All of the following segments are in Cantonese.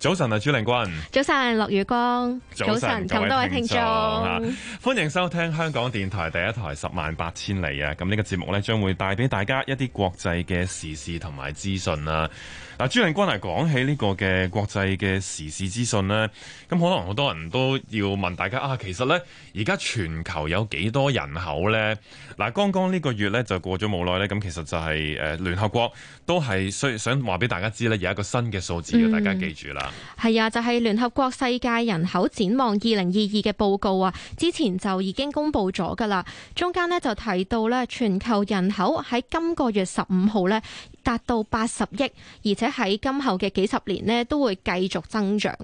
早晨啊，朱令君。早晨，落雨光。早晨，咁多位聽眾，歡迎收聽香港電台第一台十萬八千里啊！咁呢個節目咧，將會帶俾大家一啲國際嘅時事同埋資訊啊。嗱，朱令君係講起呢個嘅國際嘅時事資訊呢，咁可能好多人都要問大家啊，其實呢，而家全球有幾多人口呢？啊。嗱，剛剛呢個月呢就過咗冇耐呢。咁其實就係、是、誒、呃、聯合國都係需想話俾大家知呢，有一個新嘅數字要、嗯、大家記住啦。係啊，就係、是、聯合國世界人口展望二零二二嘅報告啊，之前就已經公布咗噶啦，中間呢就提到呢，全球人口喺今個月十五號呢，達到八十億，而且喺今後嘅幾十年咧都會繼續增長。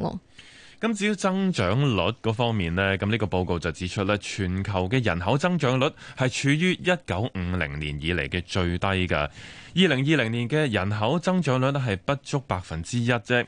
咁至於增長率嗰方面呢，咁呢個報告就指出咧，全球嘅人口增長率係處於一九五零年以嚟嘅最低噶。二零二零年嘅人口增長率呢係不足百分之一啫。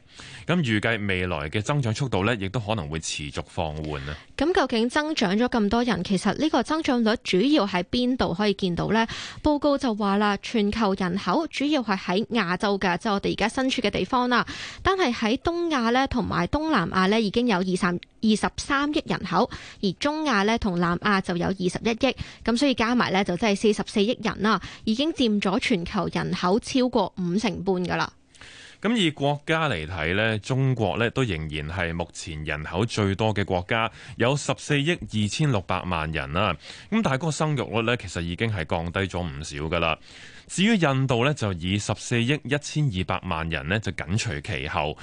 咁預計未來嘅增長速度呢，亦都可能會持續放緩啊。咁究竟增長咗咁多人，其實呢個增長率主要喺邊度可以見到呢，報告就話啦，全球人口主要係喺亞洲㗎，即係我哋而家身處嘅地方啦。但係喺東亞呢，同埋東南亞呢，已經有二三二十三億人口，而中亞呢，同南亞就有二十一億。咁所以加埋呢，就真係四十四億人啦，已經佔咗全球。人口超過五成半噶啦。咁以國家嚟睇呢，中國咧都仍然係目前人口最多嘅國家，有十四億二千六百萬人啦。咁但係嗰個生育率呢，其實已經係降低咗唔少噶啦。至於印度咧，就以十四億一千二百萬人咧，就緊隨其後。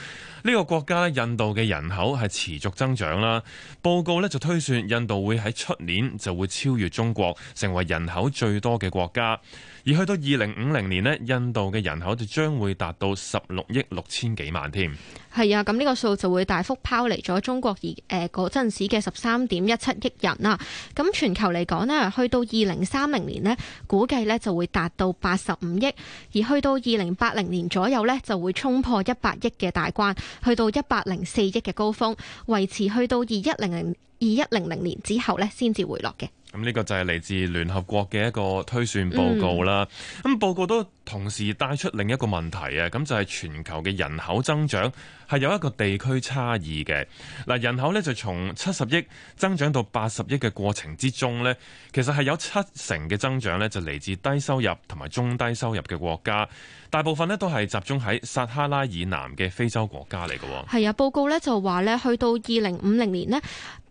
呢、這個國家印度嘅人口係持續增長啦。報告咧就推算印度會喺出年就會超越中國，成為人口最多嘅國家。而去到二零五零年咧，印度嘅人口就將會達到十六億六千幾萬添。係啊，咁呢個數就會大幅拋離咗中國而誒嗰陣時嘅十三點一七億人啦。咁全球嚟講咧，去到二零三零年咧，估計咧就會達到八。十五億，而去到二零八零年左右呢，就會衝破一百億嘅大關，去到一百零四億嘅高峰，維持去到二一零零二一零零年之後呢，先至回落嘅。咁呢個就係嚟自聯合國嘅一個推算報告啦。咁、嗯、報告都同時帶出另一個問題啊，咁就係、是、全球嘅人口增長係有一個地區差異嘅。嗱，人口咧就從七十億增長到八十億嘅過程之中呢，其實係有七成嘅增長呢，就嚟自低收入同埋中低收入嘅國家，大部分呢，都係集中喺撒哈拉以南嘅非洲國家嚟嘅。係啊，報告咧就話咧，去到二零五零年呢。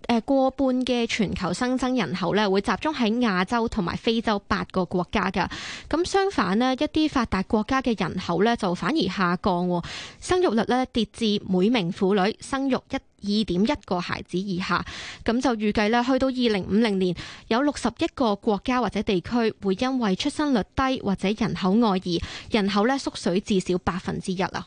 誒，過半嘅全球新增人口咧，會集中喺亞洲同埋非洲八個國家㗎。咁相反咧，一啲發達國家嘅人口咧，就反而下降，生育率咧跌至每名婦女生育一二點一個孩子以下。咁就預計咧，去到二零五零年，有六十一個國家或者地區會因為出生率低或者人口外移，人口咧縮水至少百分之一啦。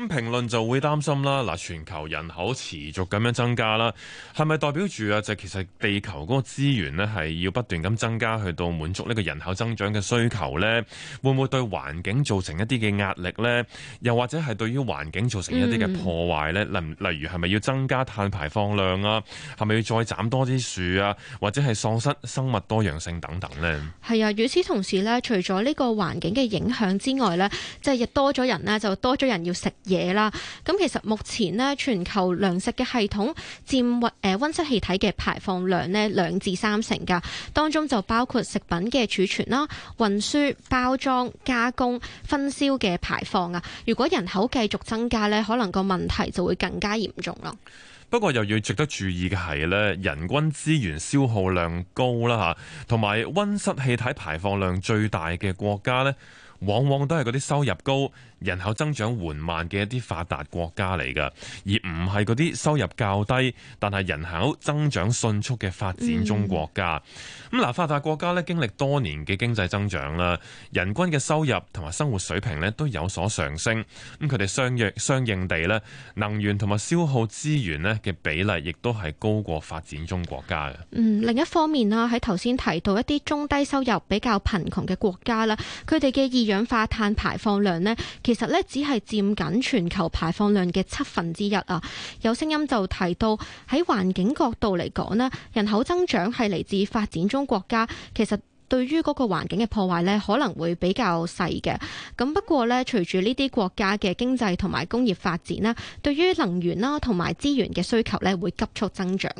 咁評論就會擔心啦，嗱，全球人口持續咁樣增加啦，係咪代表住啊？就其實地球嗰個資源呢，係要不斷咁增加，去到滿足呢個人口增長嘅需求呢？會唔會對環境造成一啲嘅壓力呢？又或者係對於環境造成一啲嘅破壞呢？例、嗯、例如係咪要增加碳排放量啊？係咪要再斬多啲樹啊？或者係喪失生物多樣性等等呢？係啊，與此同時呢，除咗呢個環境嘅影響之外呢，即係亦多咗人呢，就多咗人要食。嘢啦，咁其實目前呢，全球糧食嘅系統佔運温室氣體嘅排放量呢，兩至三成噶，當中就包括食品嘅儲存啦、運輸、包裝、加工、分銷嘅排放啊。如果人口繼續增加呢，可能個問題就會更加嚴重咯。不過又要值得注意嘅係呢，人均資源消耗量高啦嚇，同埋温室氣體排放量最大嘅國家呢，往往都係嗰啲收入高、人口增長緩慢嘅一啲發達國家嚟噶，而唔係嗰啲收入較低但係人口增長迅速嘅發展中國家。咁嗱、嗯，發達國家咧，經歷多年嘅經濟增長啦，人均嘅收入同埋生活水平咧都有所上升。咁佢哋相約相應地咧，能源同埋消耗資源咧嘅比例亦都係高過發展中國家嘅。嗯，另一方面啦，喺頭先提到一啲中低收入比較貧窮嘅國家啦，佢哋嘅二氧化碳排放量呢，其實咧只係占緊全球排放量嘅七分之一啊。有聲音就提到喺環境角度嚟講呢，人口增長係嚟自發展中國家，其實對於嗰個環境嘅破壞咧可能會比較細嘅。咁不過咧，隨住呢啲國家嘅經濟同埋工業發展咧，對於能源啦同埋資源嘅需求咧會急速增長。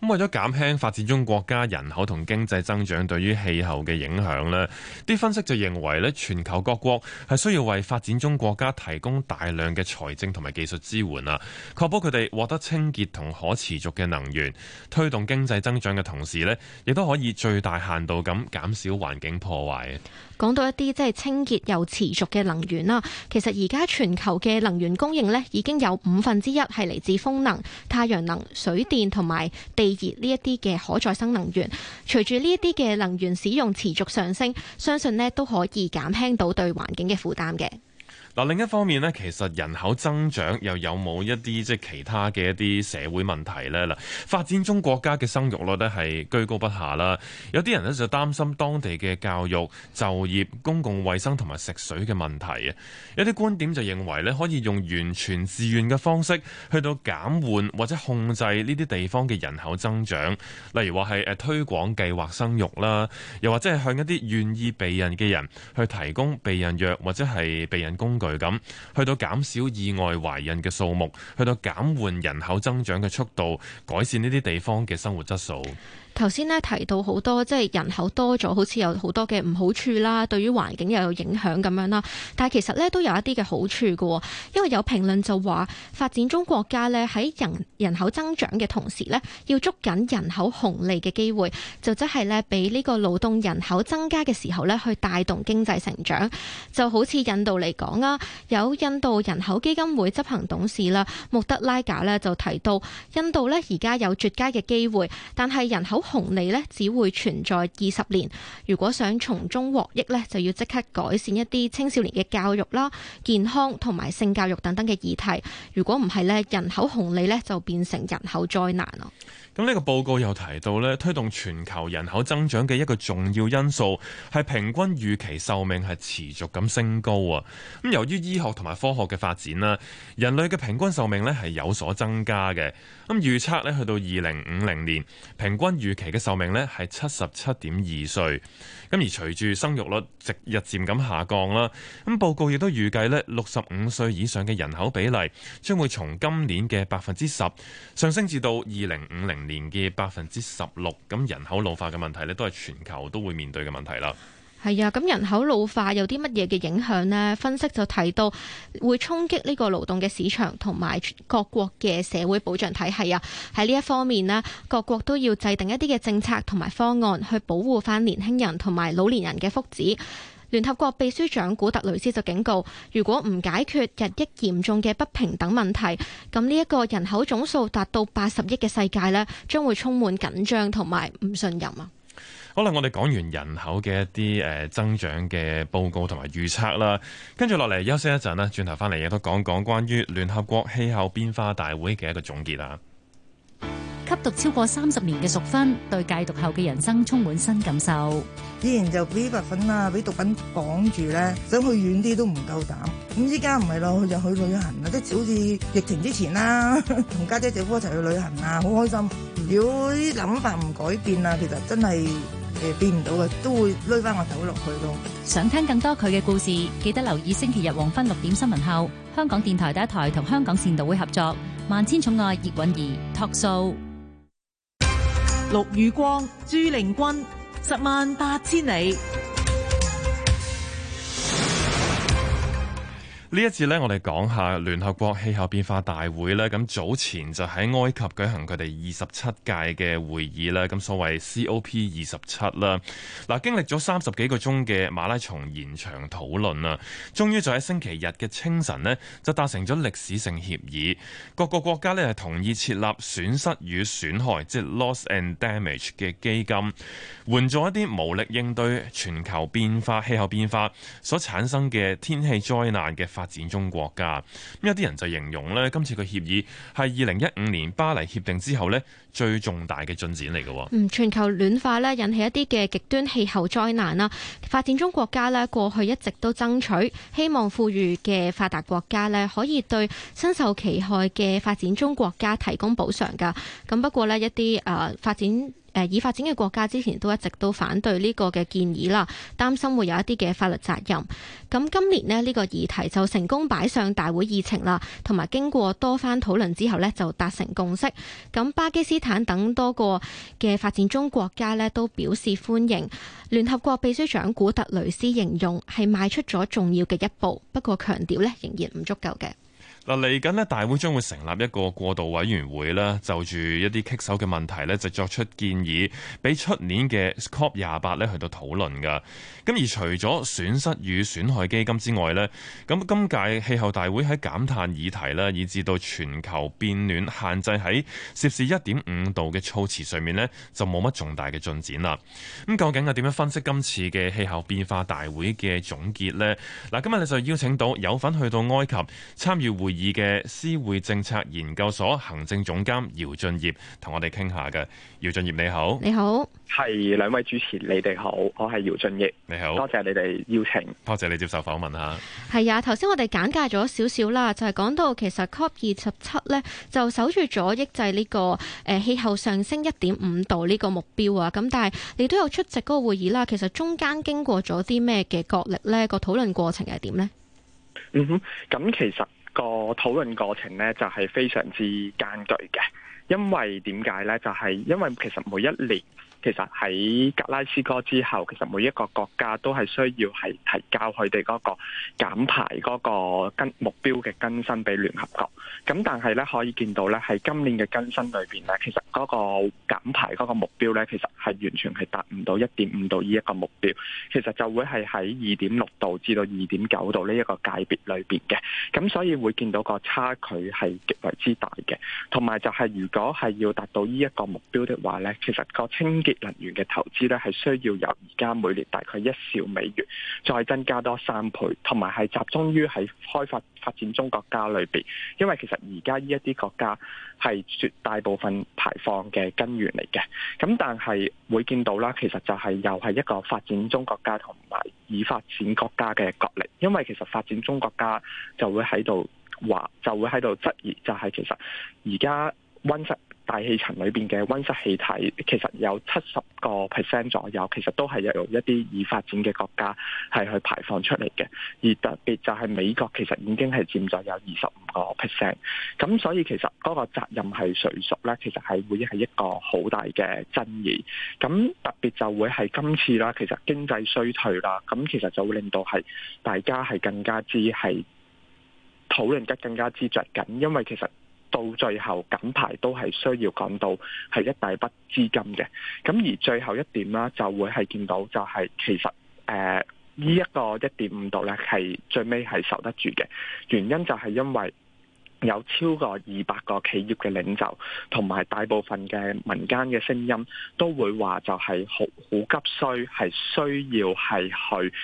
咁為咗減輕發展中國家人口同經濟增長對於氣候嘅影響，呢啲分析就認為咧，全球各國係需要為發展中國家提供大量嘅財政同埋技術支援啊，確保佢哋獲得清潔同可持續嘅能源，推動經濟增長嘅同時，呢亦都可以最大限度咁減少環境破壞。講到一啲即係清潔又持續嘅能源啦，其實而家全球嘅能源供應呢，已經有五分之一係嚟自風能、太陽能、水電同埋。地熱呢，呢一啲嘅可再生能源，隨住呢一啲嘅能源使用持續上升，相信呢都可以減輕到對環境嘅負擔嘅。嗱，另一方面咧，其實人口增長又有冇一啲即係其他嘅一啲社會問題咧？嗱，發展中國家嘅生育率咧係居高不下啦。有啲人咧就擔心當地嘅教育、就業、公共衛生同埋食水嘅問題啊。有啲觀點就認為咧，可以用完全自願嘅方式去到減緩或者控制呢啲地方嘅人口增長，例如話係誒推廣計劃生育啦，又或者係向一啲願意避孕嘅人去提供避孕藥或者係避孕工具。具咁，去到減少意外懷孕嘅數目，去到減緩人口增長嘅速度，改善呢啲地方嘅生活質素。頭先咧提到好多，即係人口多咗，好似有好多嘅唔好處啦，對於環境又有影響咁樣啦。但係其實咧都有一啲嘅好處㗎，因為有評論就話發展中國家咧喺人人口增長嘅同時咧，要捉緊人口紅利嘅機會，就即係咧俾呢個勞動人口增加嘅時候咧，去帶動經濟成長。就好似印度嚟講啦，有印度人口基金會執行董事啦穆德拉加咧就提到，印度咧而家有絕佳嘅機會，但係人口紅利呢，只會存在二十年，如果想從中獲益呢，就要即刻改善一啲青少年嘅教育啦、健康同埋性教育等等嘅議題。如果唔係呢，人口紅利呢，就變成人口災難咯。咁呢個報告又提到呢，推動全球人口增長嘅一個重要因素係平均預期壽命係持續咁升高啊。咁由於醫學同埋科學嘅發展啦，人類嘅平均壽命呢係有所增加嘅。咁預測呢，去到二零五零年，平均預期嘅壽命呢係七十七點二歲。咁而隨住生育率直日漸咁下降啦，咁報告亦都預計呢，六十五歲以上嘅人口比例將會從今年嘅百分之十上升至到二零五零年年嘅百分之十六。咁人口老化嘅問題呢，都係全球都會面對嘅問題啦。係啊，咁人口老化有啲乜嘢嘅影響呢？分析就提到會衝擊呢個勞動嘅市場同埋各國嘅社會保障體系啊。喺呢一方面呢，各國都要制定一啲嘅政策同埋方案去保護翻年輕人同埋老年人嘅福祉。聯合國秘書長古特雷斯就警告，如果唔解決日益嚴重嘅不平等問題，咁呢一個人口總數達到八十億嘅世界呢，將會充滿緊張同埋唔信任啊。好啦，我哋講完人口嘅一啲誒增長嘅報告同埋預測啦，跟住落嚟休息一陣啦，轉頭翻嚟亦都講講關於聯合國氣候變化大會嘅一個總結啦。吸毒超過三十年嘅淑芬，對戒毒後嘅人生充滿新感受。以前就俾白粉啦，俾毒品綁住咧，想去遠啲都唔夠膽。咁依家唔係咯，佢就去旅行啦，即係好似疫情之前啦，同家姐姐夫一齊去旅行啊，好開心。如果啲諗法唔改變啊，其實真係誒變唔到嘅，都會拉翻我走落去咯。想聽更多佢嘅故事，記得留意星期日黃昏六點新聞後，香港電台第一台同香港善道會合作《萬千寵愛》葉允兒託數。陸宇光、朱靈君，十萬八千里。呢一次呢，我哋講下聯合國氣候變化大會咧，咁早前就喺埃及舉行佢哋二十七屆嘅會議啦，咁所謂 COP 二十七啦。嗱，經歷咗三十幾個鐘嘅馬拉松延長討論啊，終於就喺星期日嘅清晨咧，就達成咗歷史性協議。各個國家咧係同意設立損失與損害，即係 loss and damage 嘅基金，援助一啲無力應對全球變化、氣候變化所產生嘅天氣災難嘅。發展中國家有啲人就形容呢，今次個協議係二零一五年巴黎協定之後呢最重大嘅進展嚟㗎。嗯，全球暖化呢引起一啲嘅極端氣候災難啦，發展中國家呢過去一直都爭取，希望富裕嘅發達國家呢可以對身受其害嘅發展中國家提供補償噶。咁不過呢，一啲誒發展。誒，已發展嘅國家之前都一直都反對呢個嘅建議啦，擔心會有一啲嘅法律責任。咁今年呢，呢個議題就成功擺上大會議程啦，同埋經過多番討論之後呢，就達成共識。咁巴基斯坦等多個嘅發展中國家呢，都表示歡迎。聯合國秘書長古特雷斯形容係邁出咗重要嘅一步，不過強調呢，仍然唔足夠嘅。嗱，嚟緊咧，大會將會成立一個過渡委員會咧，就住一啲棘手嘅問題咧，就作出建議，俾出年嘅 COP 廿八咧去到討論噶。咁而除咗損失與損害基金之外咧，咁今屆氣候大會喺減碳議題咧，以至到全球變暖限制喺攝氏一點五度嘅措辭上面咧，就冇乜重大嘅進展啦。咁究竟係點樣分析今次嘅氣候變化大會嘅總結呢？嗱，今日你就邀請到有份去到埃及參與會議。二嘅思匯政策研究所行政總監姚俊業同我哋傾下嘅，姚俊業你好，你好，係好兩位主持你哋好，我係姚俊業，你好，多謝你哋邀請，多謝你接受訪問吓，係啊，頭先我哋簡介咗少少啦，就係、是、講到其實 COP 二十七咧就守住咗抑制呢、這個誒、呃、氣候上升一點五度呢個目標啊，咁但係你都有出席嗰個會議啦，其實中間經過咗啲咩嘅角力咧，個討論過程係點咧？嗯哼，咁其實。個討論過程咧，就係、是、非常之艱巨嘅。因為點解呢？就係、是、因為其實每一年，其實喺格拉斯哥之後，其實每一個國家都係需要係提交佢哋嗰個減排嗰個跟目標嘅更新俾聯合國。咁但係呢，可以見到呢喺今年嘅更新裏邊呢，其實嗰個減排嗰個目標呢，其實係完全係達唔到一點五度呢一個目標。其實就會係喺二點六度至到二點九度呢一個界別裏邊嘅。咁所以會見到個差距係極為之大嘅。同埋就係如果如果係要達到呢一個目標的話呢，其實個清潔能源嘅投資呢係需要由而家每年大概一兆美元，再增加多三倍，同埋係集中於喺開發發展中國家裏邊，因為其實而家呢一啲國家係絕大部分排放嘅根源嚟嘅。咁但係會見到啦，其實就係又係一個發展中國家同埋已發展國家嘅角力，因為其實發展中國家就會喺度話，就會喺度質疑，就係其實而家。溫室大氣層裏邊嘅溫室氣體，其實有七十個 percent 左右，其實都係由一啲已發展嘅國家係去排放出嚟嘅。而特別就係美國其實已經係佔咗有二十五個 percent。咁所以其實嗰個責任係誰屬咧？其實係會係一個好大嘅爭議，咁特別就會係今次啦，其實經濟衰退啦，咁其實就會令到係大家係更加之係討論得更加之着緊，因為其實。到最後緊排都係需要講到係一大筆資金嘅，咁而最後一點啦，就會係見到就係、是、其實誒呢一個一點五度咧，係最尾係受得住嘅，原因就係因為有超過二百個企業嘅領袖同埋大部分嘅民間嘅聲音都會話就係好好急需係需要係去。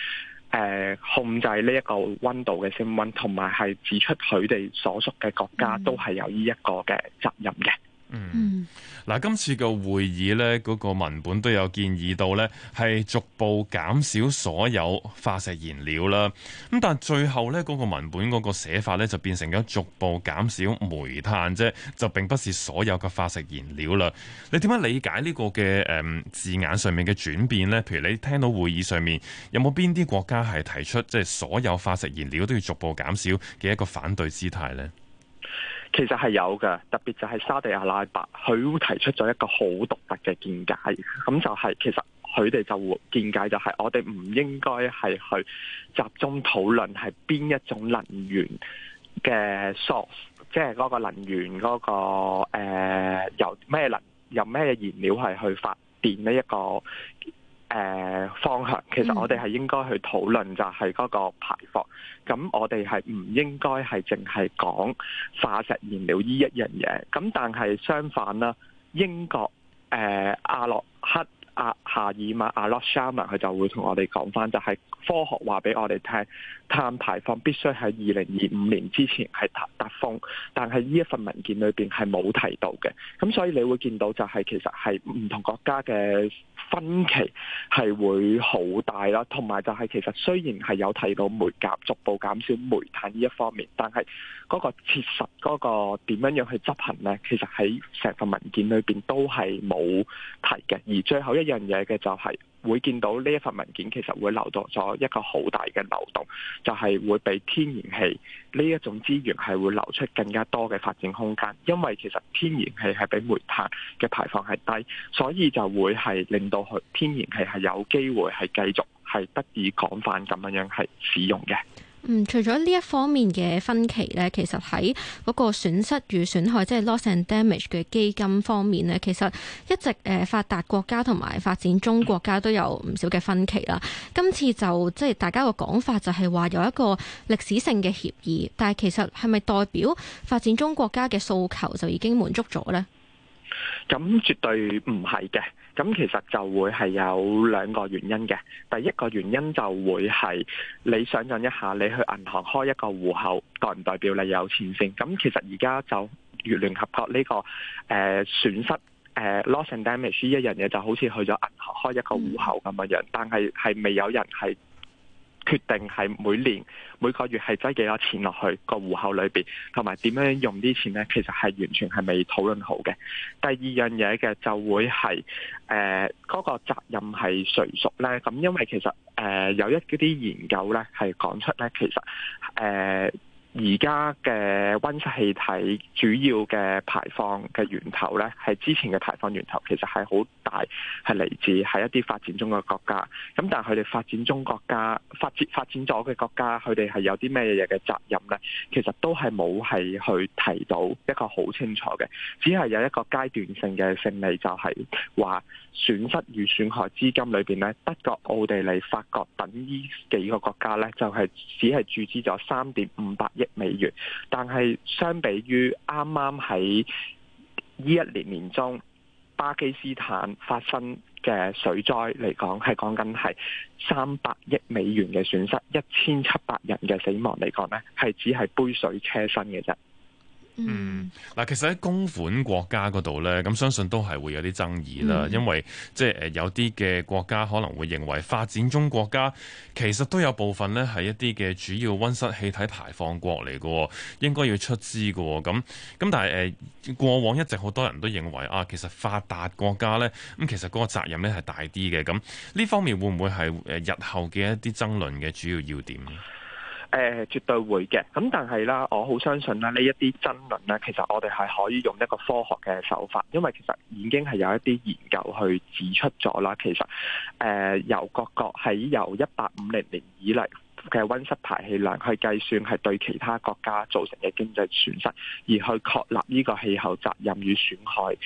誒控制呢一個溫度嘅升溫，同埋係指出佢哋所屬嘅國家都係有呢一個嘅責任嘅。嗯，嗱，今次嘅會議呢，嗰、那個文本都有建議到呢，係逐步減少所有化石燃料啦。咁但最後呢，嗰個文本嗰個寫法呢，就變成咗逐步減少煤炭啫，就並不是所有嘅化石燃料啦。你點樣理解呢個嘅誒、呃、字眼上面嘅轉變呢？譬如你聽到會議上面有冇邊啲國家係提出即係、就是、所有化石燃料都要逐步減少嘅一個反對姿態呢？其實係有嘅，特別就係沙地阿拉伯，佢提出咗一個好獨特嘅見解，咁就係、係、其實佢哋就見解就係，我哋唔應該係去集中討論係邊一種能源嘅 source，即係嗰個能源嗰、嗰個、呃、由咩能由咩燃料係去發電呢、呢、一個。誒、呃，方向其實我哋係應該去討論就係嗰個排放，咁我哋係唔應該係淨係講化石燃料呢一樣嘢，咁但係相反啦，英國誒、呃、阿洛克阿、啊、夏爾曼阿洛克夏爾曼佢就會同我哋講翻，就係科學話俾我哋聽，碳排放必須喺二零二五年之前係達達峰，但係呢一份文件裏邊係冇提到嘅，咁所以你會見到就係其實係唔同國家嘅。分歧係會好大啦，同埋就係其實雖然係有提到煤價逐步減少煤炭呢一方面，但係嗰個切實嗰、嗰個點樣樣去執行呢，其實喺成份文件裏邊都係冇提嘅。而最後一樣嘢嘅就係、係。會見到呢一份文件其實會留到咗一個好大嘅漏洞，就係、是、會俾天然氣呢一種資源係會流出更加多嘅發展空間，因為其實天然氣係比煤炭嘅排放係低，所以就會係令到去天然氣係有機會係繼續係得以廣泛咁樣樣係使用嘅。嗯，除咗呢一方面嘅分歧呢，其實喺嗰個損失與損害，即係 loss and damage 嘅基金方面呢，其實一直誒發達國家同埋發展中國家都有唔少嘅分歧啦。今次就即係大家個講法就係話有一個歷史性嘅協議，但係其實係咪代表發展中國家嘅訴求就已經滿足咗呢？咁絕對唔係嘅。咁其實就會係有兩個原因嘅，第一個原因就會、是、係你想象一下，你去銀行開一個戶口，代唔代表你有錢先？咁其實而家就越聯合國呢、這個誒損、呃、失誒、呃、loss and damage 呢一樣嘢，就好似去咗銀行開一個戶口咁樣樣，嗯、但係係未有人係。決定係每年每個月係擠幾多錢落去個戶口裏邊，同埋點樣用啲錢呢？其實係完全係未討論好嘅。第二樣嘢嘅就會係誒嗰個責任係誰屬呢？咁因為其實誒、呃、有一啲研究呢係講出呢，其實誒。呃而家嘅溫室氣體主要嘅排放嘅源頭咧，係之前嘅排放源頭其實係好大，係嚟自係一啲發，發展中國家。咁但係佢哋發展中國家發展發展咗嘅國家，佢哋係有啲咩嘢嘅責任咧？其實都係冇係去提到一個好清楚嘅，只係有一個階段性嘅勝利，就係，就係話損失與損害資金裏邊咧，德國、奧地利、法國等依幾個國家咧，就係、是、只係注資咗三點五百億，美元，但係相比於啱啱喺呢一年年中巴基斯坦發生嘅水災嚟講，係講緊係三百億美元嘅損失，一千七百人嘅死亡嚟講呢，係只係杯水車薪嘅啫。嗯，嗱，其實喺供款國家嗰度呢，咁相信都係會有啲爭議啦，嗯、因為即係、就是、有啲嘅國家可能會認為發展中國家其實都有部分咧係一啲嘅主要温室氣體排放國嚟嘅，應該要出資嘅，咁咁但係誒、呃、過往一直好多人都認為啊，其實發達國家呢，咁其實嗰個責任咧係大啲嘅，咁呢方面會唔會係日後嘅一啲爭論嘅主要要點？誒，絕對會嘅。咁但係啦，我好相信啦，呢一啲爭論呢，其實我哋係可以用一個科學嘅手法，因為其實已經係有一啲研究去指出咗啦。其實誒，由各國喺由一八五零年以嚟嘅溫室排氣量去計算，係對其他國家造成嘅經濟損失，而去確立呢個氣候責任與損害，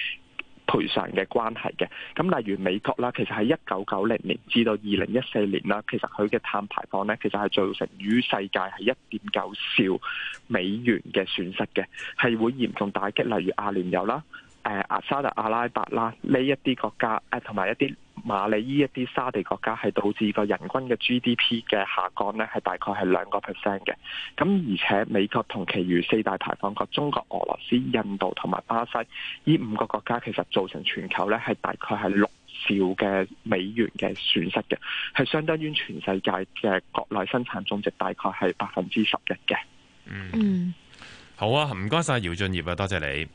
賠償嘅關係嘅，咁例如美國啦，其實喺一九九零年至到二零一四年啦，其實佢嘅碳排放咧，其實係造成與世界係一點九兆美元嘅損失嘅，係會嚴重打擊例如阿聯酋啦。誒，阿沙特、阿拉伯啦，呢一啲國家誒，同埋一啲馬里依一啲沙地國家，係導致個人均嘅 GDP 嘅下降呢，係大概係兩個 percent 嘅。咁而且美國同其餘四大排放國，中國、俄羅斯、印度同埋巴西，呢五個國家其實造成全球呢，係大概係六兆嘅美元嘅損失嘅，係相當於全世界嘅國內生產總值大概係百分之十一嘅。嗯，好啊，唔該晒姚俊業啊，多謝你。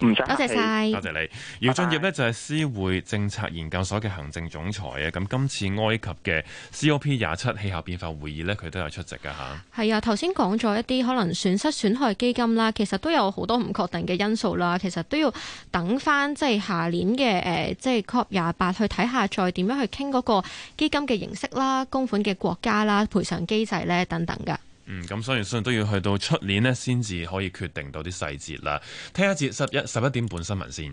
唔多謝晒，多謝，謝你。姚俊 bye 業咧就係思匯政策研究所嘅行政總裁啊。咁今次埃及嘅 COP 廿七氣候變化會議咧，佢都有出席噶嚇。係啊，頭先講咗一啲可能損失損害基金啦，其實都有好多唔確定嘅因素啦。其實都要等翻即係下年嘅誒，即係 COP 廿八去睇下，再點樣去傾嗰個基金嘅形式啦、供款嘅國家啦、賠償機制咧等等噶。嗯，咁所以相信都要去到出年呢先至可以決定到啲細節啦。聽一節十一十一點半新聞先。